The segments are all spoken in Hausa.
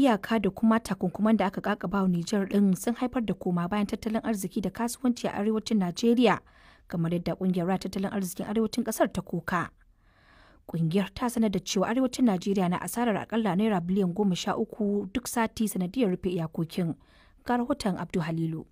iyaka da kuma takunkuman da aka kakaba wa Nijar din sun haifar da koma bayan tattalin arziki da kasuwanci a arewacin Najeriya kamar yadda kungiyar tattalin arzikin arewacin kasar ta kuka. Kungiyar ta sanar da cewa arewacin Najeriya na asarar akalla naira biliyan goma sha uku duk sati sanadiyar rufe iyakokin. Ga rahoton Abdu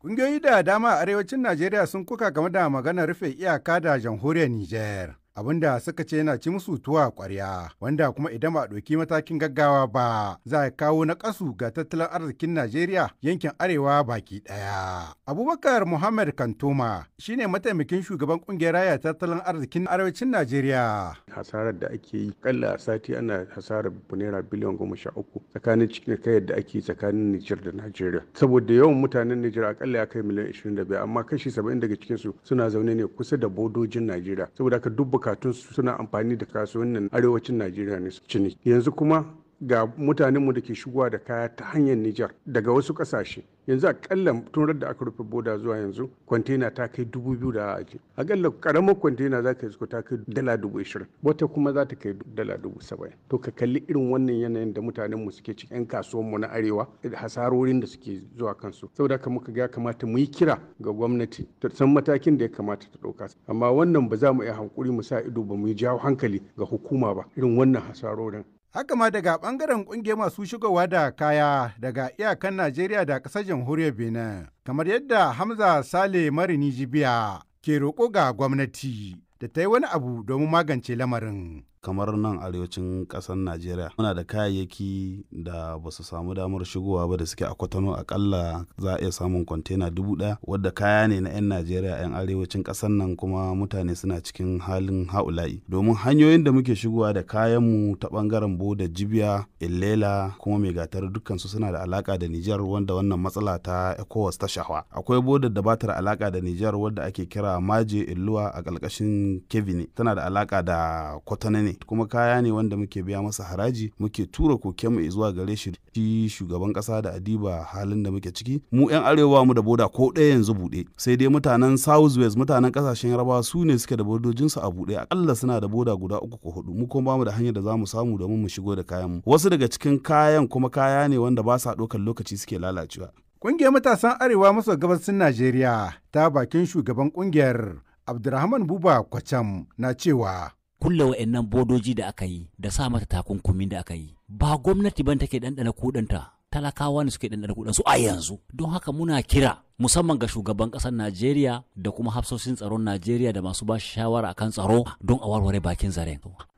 Kungiyoyi da dama a arewacin Najeriya sun kuka game da maganar rufe iyaka da jamhuriyar Nijar. abinda suka ce yana ci musu tuwa kwarya wanda kuma idan ba a ɗauki matakin gaggawa ba za a kawo na kasu ga tattalin arzikin najeriya yankin arewa baki ɗaya abubakar muhammad kantoma shine mataimakin shugaban kungiyar raya tattalin arzikin arewacin najeriya hasarar da ake yi kalla a sati ana hasarar naira biliyan goma sha uku tsakanin cikin da ake tsakanin nijar da najeriya saboda yawan mutanen nijar akalla ya kai miliyan ishirin da biyar amma kashi saba'in daga cikinsu suna zaune ne kusa da bodojin najeriya saboda haka duk bukatun suna amfani da kasuwannin arewacin najeriya ne su ciniki yanzu kuma ga mutanenmu da ke shigowa da kaya ta hanyar nijar daga wasu ƙasashe yanzu a akalla tun da aka rufe boda zuwa yanzu kwantena ta kai dubu biyu da ake kalla karamar kwantena za ka isko ta kai dala dubu ishirin wata kuma za ta kai dala dubu saba'in to ka kalli irin wannan yanayin da mutanen mu suke cikin kasuwan mu na arewa da hasarorin da suke zuwa kansu saboda haka muka ga kamata mu yi kira ga gwamnati ta san matakin da ya kamata ta ɗauka amma wannan ba za mu iya hankuri mu sa ido ba mu yi jawo hankali ga hukuma ba irin wannan hasarorin haka ma daga bangaren kungiyar masu shigowa da kaya daga iyakan najeriya da ƙasar jamhuriyar benin kamar yadda hamza sale marini jibiya ke roƙo ga gwamnati da ta yi wani abu domin magance lamarin kamar nan arewacin ƙasar najeriya muna da kayayyaki da ba su samu damar shigowa ba da suke a kwatano akalla za a iya samun kwantena dubu ɗaya wadda kaya ne na 'yan najeriya 'yan arewacin ƙasar nan kuma mutane suna cikin halin haula'i domin hanyoyin da muke shigowa da kayanmu ta ɓangaren boda jibiya illela kuma mai gatar dukkansu suna da alaka da nijar wanda wannan matsala ta ecowas ta shahwa akwai bodar da batar alaka da nijar wadda ake kira maje illuwa a ƙarƙashin kebine tana da alaka da kwatano ne ne kuma kaya ne wanda muke biya masa haraji muke tura kokenmu zuwa gare shi shi shugaban kasa da adiba halin da muke ciki mu yan arewa mu da boda ko ɗaya yanzu buɗe sai dai mutanen south west mutanen kasashen yarbawa su ne suke da bodojinsu a buɗe akalla suna da boda guda uku ko hudu mu kuma bamu da hanyar da zamu samu domin mu shigo da kayan mu wasu daga cikin kayan kuma kaya ne wanda ba sa ɗaukar lokaci suke lalacewa Ƙungiyar matasan Arewa maso gabasin Najeriya ta bakin shugaban ƙungiyar abdulrahman Buba Kwacham na cewa kulle wa'annan bodoji da aka yi da sa mata takunkumin da aka yi ba gwamnati ban take ɗanɗana kuɗinta talakawa ne suke ɗanɗana su a yanzu don haka muna kira musamman ga shugaban ƙasar najeriya da kuma hafsoshin tsaron najeriya da masu ba shawara akan tsaro don a warware bakin zaren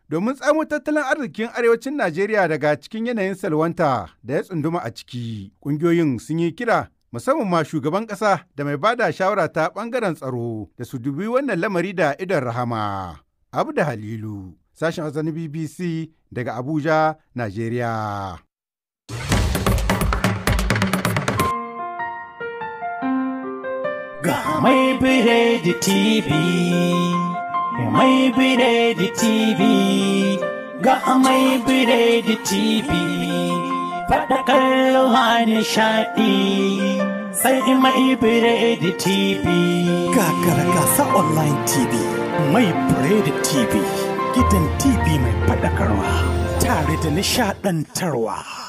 domin tsamo tattalin arzikin arewacin najeriya daga cikin yanayin salwanta da ya tsunduma a ciki ƙungiyoyin sun yi kira musamman ma shugaban ƙasa da mai bada shawara ta ɓangaren tsaro da su dubi wannan lamari da idon rahama Abda Halilu, sashen Hausa BBC daga Abuja, Najeriya. Ga mai biredi TV, mai biredi TV, ga mai biredi TV, faɗakar hannun shaɗi sai in mai biredi TV. Ga gasa online TV, mai biredi TV, gidan TV mai faɗakarwa tare da nishadantarwa.